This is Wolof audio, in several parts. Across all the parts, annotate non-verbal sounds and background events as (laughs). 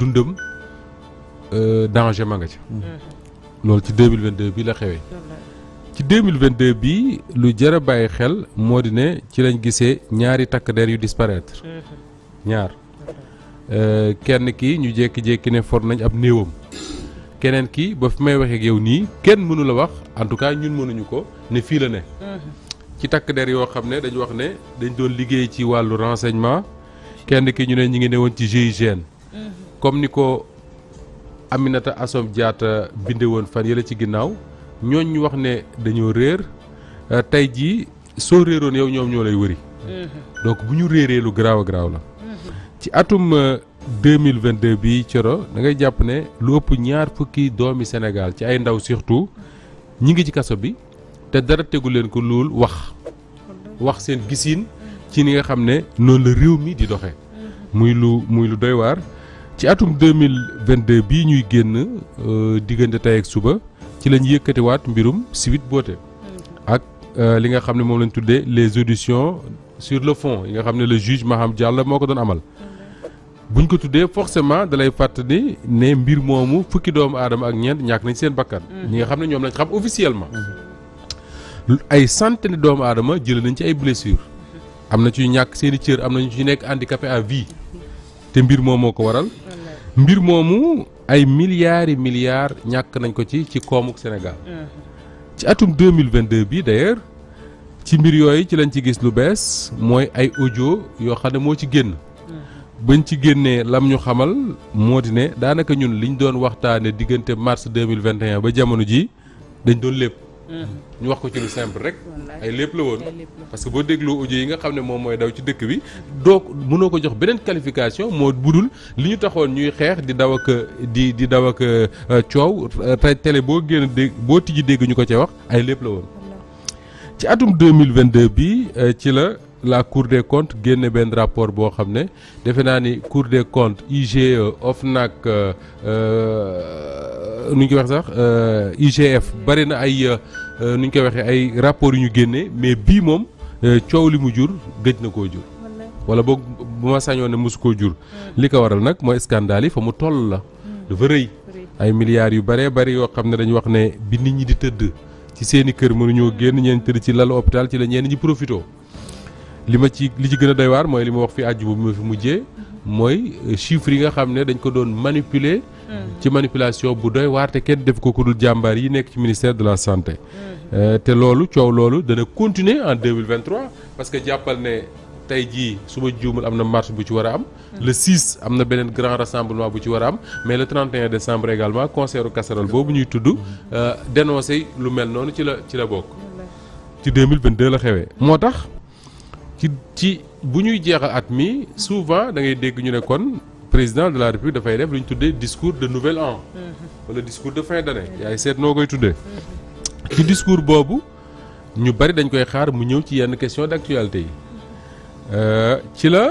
dundam euh, danger ma nga ci mm-hmm. loolu ci 2022 bi la xewee ci 2022 bi lu jar a bàyyi xel moo di ne ci lañ gisee ñaari takk der yu disparaître mm-hmm. ñaar mm-hmm. Euh, kenn ki ñu jékki-jékki ne for nañ ab néewam keneen ki ba fi may waxee ak yow nii kenn mënula wax en tout cas ñun mënuñu ko ne fii la ne ci takk der yoo xam ne dañu wax ne dañ doon liggéey ci wàllu renseignement kenn ki ñu ne ñu ngi ne woon ci GIGN comme ni ko Aminata asom jaata binde woon fan yële ci ginnaaw ñooñ wax ne dañoo réer euh, tey jii soo réeroon yow ñoom ñoo lay wëri mm-hmm. donc bu ñu réeree lu garaaw a garaaw la mm-hmm. ci atum 2022 euh, bi Coro da ngay jàpp ne lu ëpp ñaar fukki doomi Sénégal ci ay ndaw surtout ñi ngi ci kaso bi te dara tegu leen ko luul wax wax seen gisiin ci ni nga xam ne noonu la réew mi di doxe mm-hmm. muy lu muy lu doy waar ci atum deux mille vingt 2022 bii ñuy génn euh, diggante tey ak suba ci lañ yëkkatiwaat mbirum Sweet Beauté mm. ak euh, li nga xam ne moom lañ tuddee les auditions sur le fond yi nga xam ne le juge Maham Diallo moo ko doon amal mm. buñ ko tuddee forcément dalay fàttali ne mbir moomu fukki doomu aadama ak ñeent ñàkk nañ seen bakkan mm. ñi nga xam ne ñoom lañ xam officiellement ay centaine doomu aadama jëlee nañ ci ay blessures am na ci ñàkk seen i cër am na ñu ci nekk handicapé à vie te mbir moom moo ko waral mbir moomu ay milliards yi milliards ñàkk nañ ko ci ci koomuk Sénégal ci atum 2022 bi d'ailleurs ci mbir yooyu ci lañ ci gis lu bees mooy ay audio yoo xam ne moo ci génn bañ ci génnee lam ñu xamal moo di ne daanaka ñun li ñu doon waxtaane diggante mars 2021 ba jamono ji dañu doon lépp ñu wax ko ci lu simple rek ay lépp la woon parce que boo dégloo audio yi nga xam ne moom mooy daw ci dëkk bi doo mënoo ko jox beneen qualification moo budul li ñu taxoon ñuy xeex di daw ak di di daw ak euh, coow télé boo génn dégg boo tijji dégg ñu ko ci wax ay lépp la woon ci atum 2022 bi euh, ci la la cour des comptes génne benn rapport boo xam ne defe naa ni cour des comptes IGE OFNAC euh, nu ñu koy wax sax IGF bari na ay Euh, nu ñu koy waxee ay rapport yu ñu génnee mais bii moom euh, coow li mu jur gëj na koo jur. wala boog bu ma sañoon ne mosu koo jur. Hmm. li ko waral nag mooy scandale yi fa mu toll la. Hmm. dafa rëy ay milliards yu bëree bëri yoo xam ne dañu wax ne bi nit ñi di tëdd ci seeni kër mënuñoo génn ñeen tëdd ci lalu hôpital ci la ñeen ñi profité. li ma ci li ci gën a doy waar mooy li ma wax fi àjj bu ma fi mujjee hmm. mooy euh, chiffres yi nga xam ne dañ ko doon manipuler. ci manipulation bu doy waate te kenn def ko ku dul jàmbaar yi nekk ci ministère de la santé. Euh, te loolu coow loolu dana continuer en 2023 parce que jàppal ne tey jii suba ma am na marche bu ci war a am. le 6 am na beneen grand rassemblement bu ci war a am mais le 31 décembre également concert casserole boobu ñuy tudd euh, dénoncé lu mel noonu ci la ci la bokk. ci 2022 la xewee moo tax ci ci bu ñuy jeexal at mi souvent da ngay dégg ñu ne kon. président de la république dafay def lu ñu tuddee discours de nouvel an. wala discours de fin d'année. Mm-hmm. yaay seet noo koy tuddee. Mm-hmm. ci discours boobu ñu bari dañ koy xaar mu ñëw ci yenn question d'actualité yi. Euh, ci la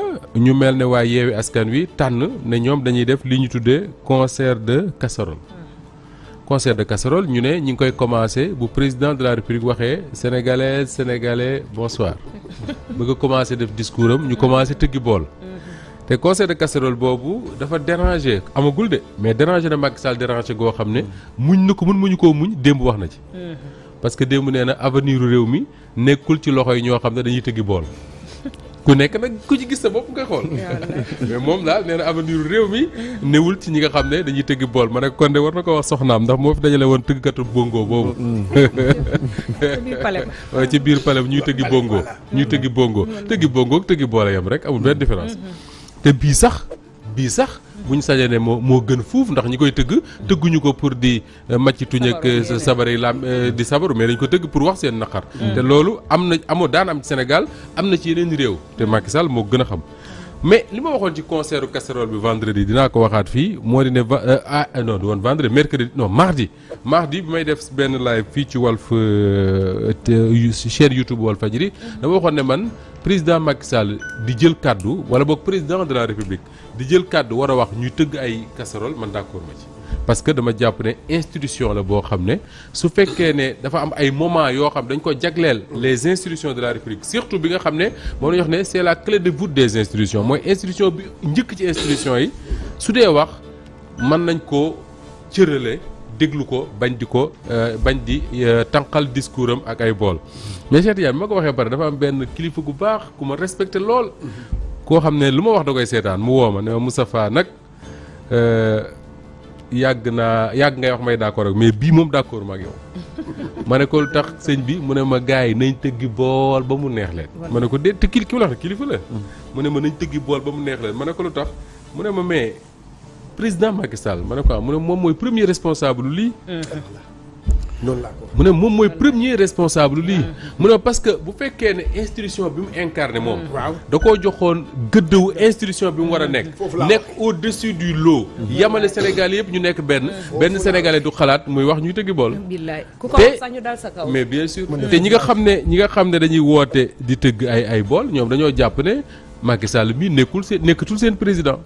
ñu mel ne waa yeewi askan wi tànn ne ñoom dañuy def li ñu tuddee concert de casserole. Mm-hmm. concert de casserole ñu ne ñu ngi koy commencer bu président de la république waxee sénégalais sénégalais bonsoir (laughs) bëgg a commencer def discours am ñu commencer tëggi bool. te concert de boobu dafa dérangé amagul de mais déranger na Macky Sall dérangé goo xam ne muñ na ko mun muñu koo muñ démb wax na ci. Mm-hmm. parce que démb nee na avenir réew mi nekkul ci loxo yi ñoo xam ne dañuy tëggi bool. ku nekk nag ku ci gis sa bopp mais moom daal nee na réew mi newul ci ñi nga xam ne dañuy tëgg bool ma ne kon de war na ko wax soxnaam ndax moo fi dajale woon tëggkatu bongo boobu ci biir palais (laughs) ñuy tëggi bongo ñuy tëggi bongo mm-hmm. tëggi bongo ak tëggi boole yam rek amul benn différence mm-hmm. te bii sax bii sax bu ñu sañee moo moo gën fuuf ndax ñi koy tëgg tëgguñu ko pour di eh, màcc tuñ ak sabari eh, la eh, di sabaru mais dañ ko tëgg pour wax seen naqar mm. te loolu am na amoo daan am ci Sénégal am na ci yeneen réew te Macky Sall moo gën a xam mais li ma waxoon ci concert casserole bi vendredi dinaa ko waxaat fii moo di ne euh, ah euh, non woon vendredi mercredi non mardi mardi bi may def benn live fii ci Walf euh, chaîne YouTube Walfadjri dama waxoon ne man président Macky Sall di jël kàddu wala boog président de la République di jël kàddu war a wax ñuy tëgg ay casserole man d'accord ma ci. parce que dama jàpp ne institution la boo xam ne su fekkee ne dafa am ay moment yoo xam dañ ko jagleel les institutions de la République surtout bi nga xam ne moom la ñu wax ne c'est la clé de voûte des institutions mooy institution bi njëkk ci institution yi su dee wax man nañ koo cërale déglu ko bañ di ko euh, bañ di euh, tànqal discours am ak ay bool mais Cheikh Tidiane bi ma ko waxee pare dafa am benn kilifa gu baax ku ma respecté lool mm-hmm. koo xam ne lu ma wax da koy seetaan mu woo ma ne ma Moustapha nag euh, yàgg naa yàgg ngay wax may d'accord ak mais bii moom d'accord ma ak yow (laughs) ma ne lu tax sëñ bi mu ne ma gars yi nañ tëggi bool ba mu neex leen ma ne ko dé te kil ki mu kilifa la mm. mu ne ma nañ tëggi bool ba mu neex leen ma ne ko lu tax mu ne ma mais président Macky Sall ma ne ko moom mooy premier responsable lii (laughs) uh-huh. noonu laa mu ne moom mooy premier responsable lii mu ne parce que bu fekkee ne institution bi mu incarné moom waaw da koo joxoon gëddëwu institution bi mu war a nekk nekk au dessus du lot yamale sénégalais yëpp ñu nekk benn benn sénégalais du xalaat muy wax ñuy tëggi bool te mais bien sûr te ñi nga xam ne ñi nga xam ne dañuy woote di tëgg ay ay bool ñoom dañoo jàpp ne Macky Sall bi nekkul seen nekkatul seen président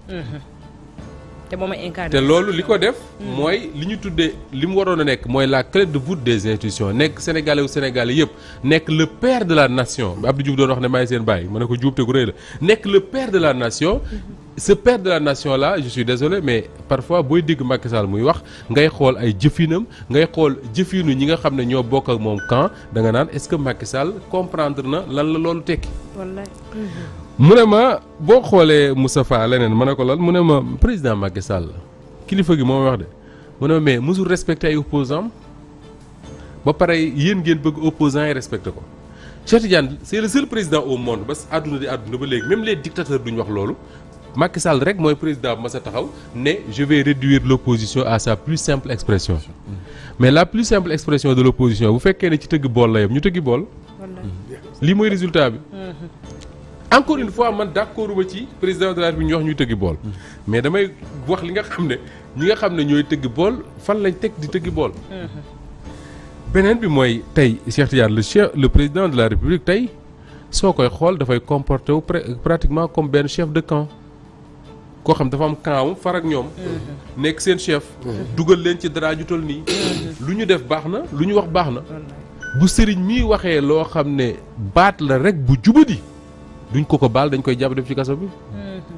te moom ay incarné. loolu li ko def. Mm. mooy li ñu tuddee li mu waroon a nekk mooy la clé de voûte des institutions nekk sénégalais wu sénégalais yëpp nekk le père de la nation Abdou Diouf doon wax ne maay seen bàyyi ma ne ko juub te gu rëy la nekk le per de la nation. Mm-hmm. ce père de la nation la je suis désolé mais parfois booy dégg Macky Sall muy wax ngay xool ay jëfinam ngay xool jëfinu ñi nga xam ne ñoo bokk ak moom camp da nga naan est-ce que Macky Sall comprendre na lan la loolu tekki. wallaay. Mm-hmm. mu ne ma boo xoolee Moustapha leneen ma ne ko lan mu ne ma président Macky la kilifa gi moo wax de mu ne ma mais mosul respecté ay opposants ba pare yéen ngeen bëgg opposants yi respecté ko Cheikh Tidiane c'est le seul président au monde ba àdduna di àdduna ba léegi même les dictateurs duñ wax loolu Macky Sall rek mooy président ma sa taxaw ne je vais réduire l'opposition à sa plus simple expression mais la plus simple expression de l'opposition bu fekkee ci tëgg bool la yem ñu tëgg lii mooy résultat bi. Mm-hmm. encore une fois man d'accord ma ci président de la République ñu wax ñuy tëggi bool. mais damay wax li nga xam ne ñi nga xam ne ñooy tëggi bool fan lañ teg di tëggi bool. beneen bi mooy tey Cheikh Tidiane le le président de la République tey soo koy xool dafay comporté wu pratiquement comme benn chef de camp. koo xam dafa am camp far ak ñoom. nekk seen chef. dugal leen ci dara ju toll nii. lu ñu def baax na lu ñu wax baax na. bu sëriñ mi waxee loo xam ne baat la rek bu jubadi. duñ ko ko baal dañ koy jàpp def ci kaso bi. Mm-hmm.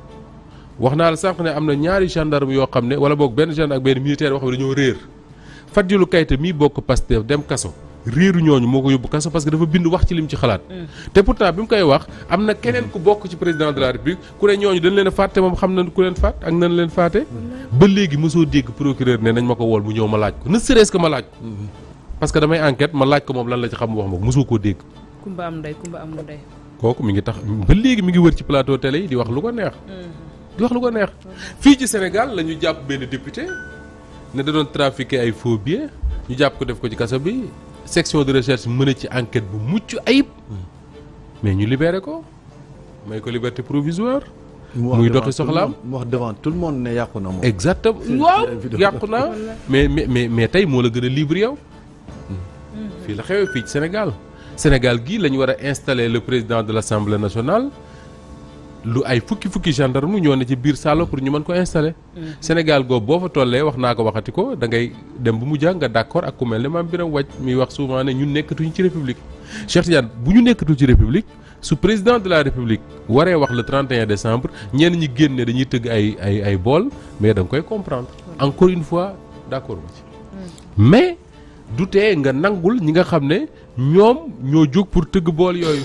wax naa la sànq ne am na ñaari gendarme yoo xam ne wala boog benn gendarme ak benn militaire yoo xam ne dañoo réer Fadilou Keita mii bokk Pastef dem kaso. réeru ñooñu moo ko yóbbu kaso parce que dafa bind wax ci lim ci xalaat. Mm. te pourtant bi mu wax am na keneen ku bokk ci président de la ku ne ñooñu dañ leen fàtte moom xam nañ ku leen fàtt ak leen fàtte. Mm-hmm. ba léegi mosoo dégg procureur ne nañ ma ko wool mu ñëw ma laaj ko ne serait-ce que ma laaj mm-hmm. parce que damay enquête ma laaj ko moom lan la ci xam wax ma ko mosoo koo dégg. kumba am ndey kumba amul ndey. kooku mi ngi tax ba léegi mi ngi wër ci plateau télé yi di wax lu ko neex. di wax lu ko neex. fii ci Sénégal lañu jàpp benn député ne da doon ay faux billets ñu jàpp ko def ko ci kaso bi section de recherche mën a ci enquête bu mucc ayib mais ñu libéré ko may ko liberté provisoire. muy doxi soxlaam mu wax devant tout le monde ne yàqu na moom. exactement waaw yàqu naa mais mais mais tey moo la gën a libre yow. Hmm. fii la xewee fii ci Sénégal. Sénégal gii la ñu war a installer le président de l' assemblée nationale lu ay fukki fukki gendarme ñoo ne ci biir saalo pour ñu mën ko installer. Mhm. Sénégal googu boo fa tollee wax naa ko waxati ko dangay dem bu mu jàng nga d' accord ak ku mel ne maam Birame Wathie miy wax souvent ne ñun nekkatuñu ci république. Cheikh Tidiane bu ñu nekkatu ci république su président de la république waree wax le 31 décembre ñenn ñi génne dañuy tëgg ay ay bool mais da nga koy comprendre encore fois d' accord du tee nga nangul ñi nga xam ne ñoom ñoo jóg pour tëgg bool yooyu.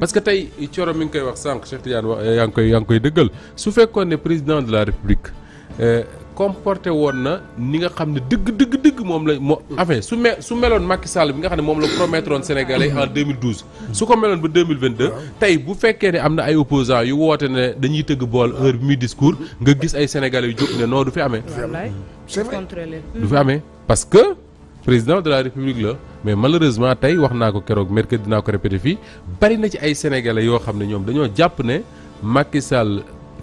parce que tey Thioro mi ngi koy wax sànq Cheikh Tidiane wax yaa ngi koy yaa ngi koy dëggal su fekkoon ne président de la république euh, comporté woon na ni nga xam ne dëgg dëgg dëgg moom la moo. enfin su me su meloon Macky Sall bi nga xam ne moom la promettre woon Sénégalais en 2012. su ko meloon ba 2022. tey bu fekkee ne am na ay opposants yu woote ne dañuy tëgg bool heure bi muy discours nga gis ay sénégalais yu jóg ne non du fi amee. du fi président de la république la mais malheureusement tey wax naa ko keroog mercredi dinaa ko répété fii bari na ci ay sénégalais yoo xam ne ñoom dañoo jàpp ne Macky Sall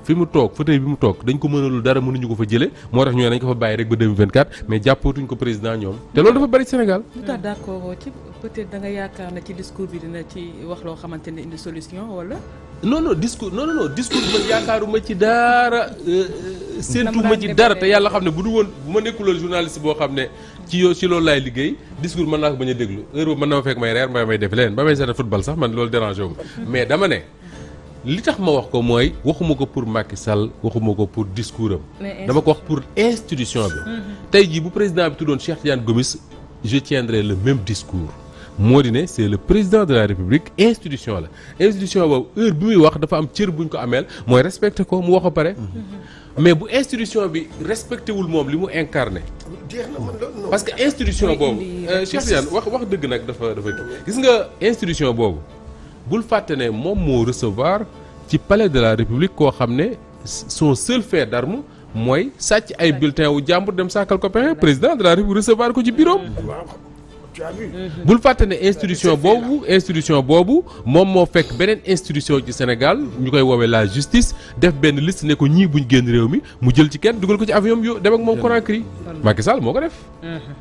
fi mu toog fauteuil bi mu toog dañ ko mënalul dara mënuñu ko fa jële moo tax ñoo nañ ko fa bàyyi rek ba 2024 mais jàppootuñ ko président ñoom te loolu dafa bari Sénégal lu tax d'accord ci peut-être yaakaar na ci discours bi dina ci wax loo xamante ne indi solution wala non non discours non non discours bi ma yaakaaruma ci dara euh, euh, séentuma ci dara te yàlla xam ne bu du woon bu ma nekkuloon journaliste boo xam ne ci yoo ci loolu laay liggéey discours mën a déglu heure boobu mën na ma fekk may reer mbaa sax man loolu dérangé wu li tax ma wax ko mooy waxuma ko pour Macky Sall waxuma ko pour discours am dama ko wax pour institution bi mhm. tey jii bu président bi tuddoon Cheikh Tidiane Gomis je tiendrai le même discours moo di ne c'est le président de la République institution la institution boobu heure bi muy wax dafa am cër buñ ko ameel mooy respecté ko mu wax a pare mhm. mais bu institution bi respecté wul moom li mu incarné parce que institution boobu euh, Cheikh wax wax dëgg nag dafa dafa gis nga institution boobu bul fàtte ne moom moo recevoir ci palais de la république koo xam ne son seul fait d'arme mooy sàcc ay bulletin wu jàmbur dem sàkkal ko pexe président de la république recevoir ko ci bureau mhm. bul fàtte ne institution boobu institution boobu moom moo fekk beneen institution ci Sénégal ñu koy woowe la justice def benn liste ne ko ñii buñ génn réew mi mu jël ci kenn dugal ko ci avion dem ak moom Conakry Macky Sall moo ko def mhm.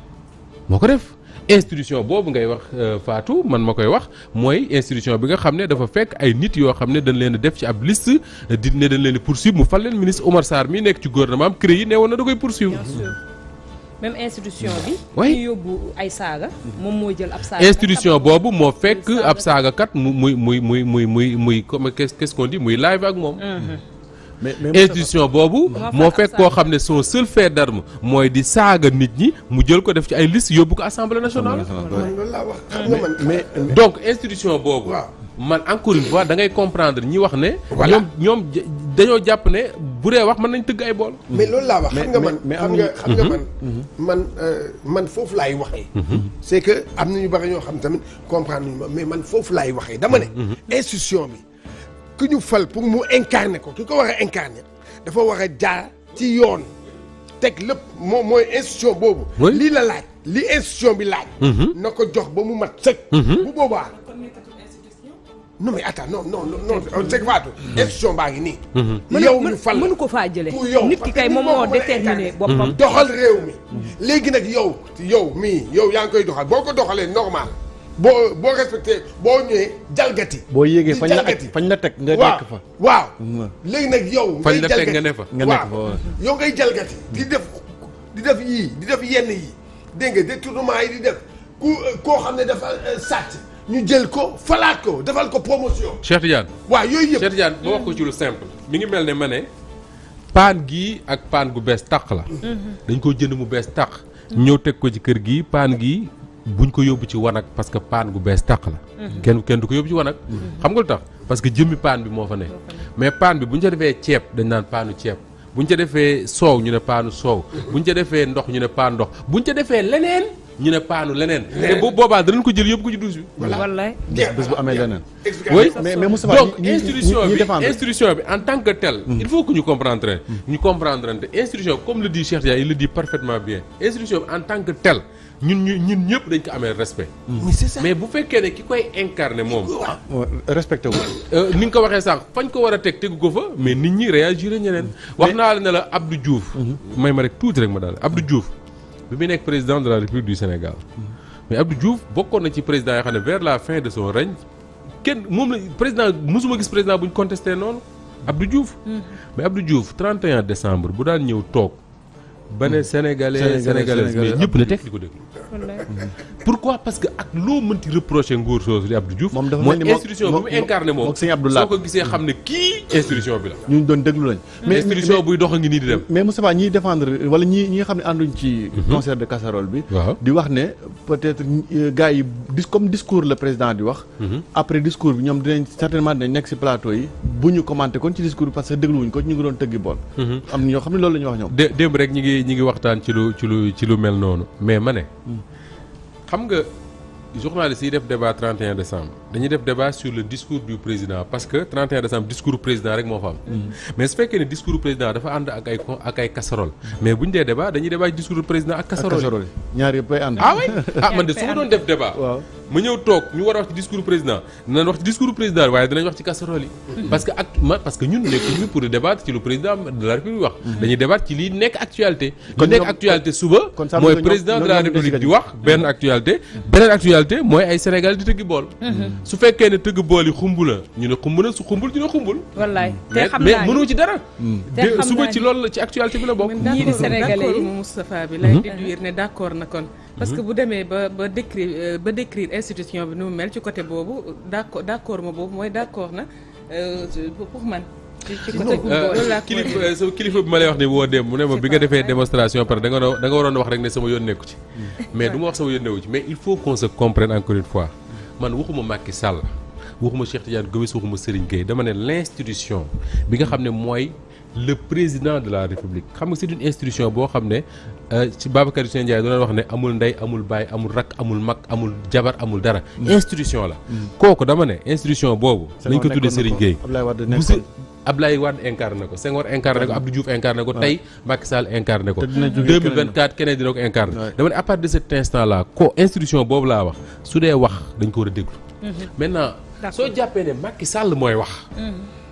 moo ko def institution boobu ngay wax euh, faatu man ma koy wax mooy institution bi nga xam ne dafa fekk ay nit yoo xam ne dañ leen def ci ab liste euh, di ne dañ leen di poursuivre mu fal leen ministre Omar saar mi nekk ci gouvernement am CREI ne woon na da koy poursuivre. même institution bi. waay yóbbu ay saaga. moom moo jël ab saaga. institution boobu moo fekk ab saaga kat mu muy muy muy muy muy muy comme qu'est-ce qu'on muy live ak moom. Mm-hmm. institution boobu moo fekk koo xam ne son seul fait d'arme mooy di saaga nit ñi mu jël ko def ci ay liste yóbbu ko assemblée nationale mais donc institution boobu man encore waa fois ngay comprendre ñi wax ne ñoom ñoom dañoo jàpp ne bu dee wax mën nañ tëgg ay bool mais loolu laa wax xam nga man xam nga xam nga man man euh, man foofu laay waxee mhm. c'est que am na ñu bari ñoo xam tamit comprendre mais man foofu laay waxee dama ne mhm. institution bi ku ñu fal pour mu incarner ko ki ko war a incarner dafa war a jaar ci yoon teg lépp moom mooy institution boobu. lii la laaj li institution bi laaj. Mhm. na ko jox ba mu mat sëkk. Mhm. bu boobaa. non mais attends non non non euh, sëkk Fatou. Mhm. institution baa ngi nii. yow ñu fal mënu ko faa jëlee. pour yow nit ki kay moom moo déterminé boppam. doxal réew mi léegi nag yow yow mii yow yaa ngi koy doxal boo ko doxalee normal. boo boo respecté boo ñëwee jalgati. boo yéegee fañ la fañ la teg nga nekk fa. waaw léegi nag yow. fañ la teg nga ne yow ngay jalgati. di mm. def di def yii di def yenn yi dégg nga détournement yi di def ku koo xam ne dafa euh, sàcc ñu jël ko falaat ko defal ko promotion. Cheikh Tidiane waaw yooyu yëpp Cheikh boo wax ko ci lu simple. mi ngi mel ne ma ne paan gi ak paan gu bees tàq la. Mm-hmm. dañ ko jënd mu bees tàq. ñëw teg ko ci kër gi paan gii. buñ ko yóbbu ci wanag parce que paan gu bees tàq la. Mhm. kenn kenn du ko yóbbu ci wanag. Mhm. xam nga lu tax parce que jëmmi paan bi moo fa ne. mais paan bi buñ ca defee ceeb dañ naan paanu ceeb. bu buñ ca defee soow ñu ne paanu soow. buñ ca defee ndox ñu ne paan ndox buñ ca defee leneen. ñu ne paanu leneen. leneen te boobaa danañ ko jël yëpp ko ci douche bi. wallaay bés bu amee leneen. mais mais Moustapha donc institution bi en tant que tel. Mm. il faut que ñu comprendre ñu comprendre te institution comme le dit Cheikh Dia il le dit parfaitement bien institution bi en tant que tel ñun ñu ñun ñëpp dañ ko amee respect. Mm. mais bu fekkee ne ki koy incarné moom. respecté wu. Euh, ni nga ko waxee sànq fañ ko war a teg tegu ko fa mais nit ñi réagir ñeneen. Mm. wax naa la ne la Abdou Diouf. Mm-hmm. may ma rek tuuti rek ma daal Abdou Diouf. bi muy nekk président de la république du Sénégal mais Abdou Diouf bokkoon na ci président yoo xam ne vers la fin de son règne kenn moom la président mosuma gis président bu ñu contesté noonu Abdou Diouf. Mm-hmm. mais Abdou Diouf 31 décembre bu daan ñëw toog. ba ne mm-hmm. sénégalais sénégalaises mais ñëpp la teg di ko déglu. pourquoi parce que ak loo mënti reproché nguur soosu di Abdou Diouf. moom dafa mel ni moom institution bi mu incarné moom. sëñ soo ko gisee xam ne kii institution bi la. ñu doon déglu lañ. Mm. institution buy dox a ngi nii di dem. mais Moustapha ñiy défendre wala ñi ñi xam ne ànduñ ci. Mm-hmm. concert de casserole bi. di wax ne peut-être euh, gars yi comme discours le président di wax. Mm-hmm. après discours bi ñoom dinañ certainement dinañ nekk si plateau yi. bu ñu commenté xam nga journaliste yi def débat 31 décembre dañuy def débat sur le discours du président parce que 31 décembre discours président rek moo fa am. Mm. mais su fekkee ne discours président dafa ànd ak ay ak casserole. Mm. mais bu ñu dee débat dañuy débat ah (laughs) ah, toog ñu war a wax ci discours président président waaye dinañ wax ci casserole yi. Mm. que act parce que ñun nekk ñu pour débattre ci lu président de la république wax. dañuy débattre ci lii nekk actualité. kon nekk actualité suba. mooy président de la république di wax benn actualité. beneen actualité mooy ay Sénégal di tëggi bool. Mm-hmm. su fekkee ne tëgg bool yi xumb na ñu ne xumb na su xumbul ñu ne xumbul. wallaay te xam naa mais mënoo ci dara. Mm. te suba loolu la ci actualité bi la bokk. ñii di Sénégalais mm-hmm. ne d'accord na kon. parce que mm-hmm. bu demee ba ba décrire euh, ba décrire institution bi nu mu mel ci côté boobu d'accord d'accord ma boobu mooy d'accord na euh, pour man. Euh, kilifa kilifa bi ma lay wax ni woo dem mu ne ma bi nga defee démonstration par da nga waroon wax rek ne sama yoon nekku ci mm. mais du wax sama yoon nekku ci mais il faut qu'on se comprenne encore une man waxuma Macky Sall waxuma Cheikh Tidiane Gomis waxuma Serigne Gueye dama ne l' institution bi nga xam ne mooy le président de la république xam nga c' est une institution boo xam ne euh, ci Babacar Hussein Ndiaye doon wax ne amul ndey amul baay amul rakk amul mag amul jabar amul dara. Mm. institution la. Mm. kooku dama ne institution boobu. nañ ko tuddee Serigne Gueye. Ablaye Wade incarné ko Senghor incarné ko Abdou Diouf incarné ko tey Macky Sall incarné ko 2024 keneen dina ko incarné dama ne à de cet instant là ko institution boobu laa wax su dee wax dañ ko war a déglu mhm. maintenant soo jàppee ne Macky Sall mooy wax mhm.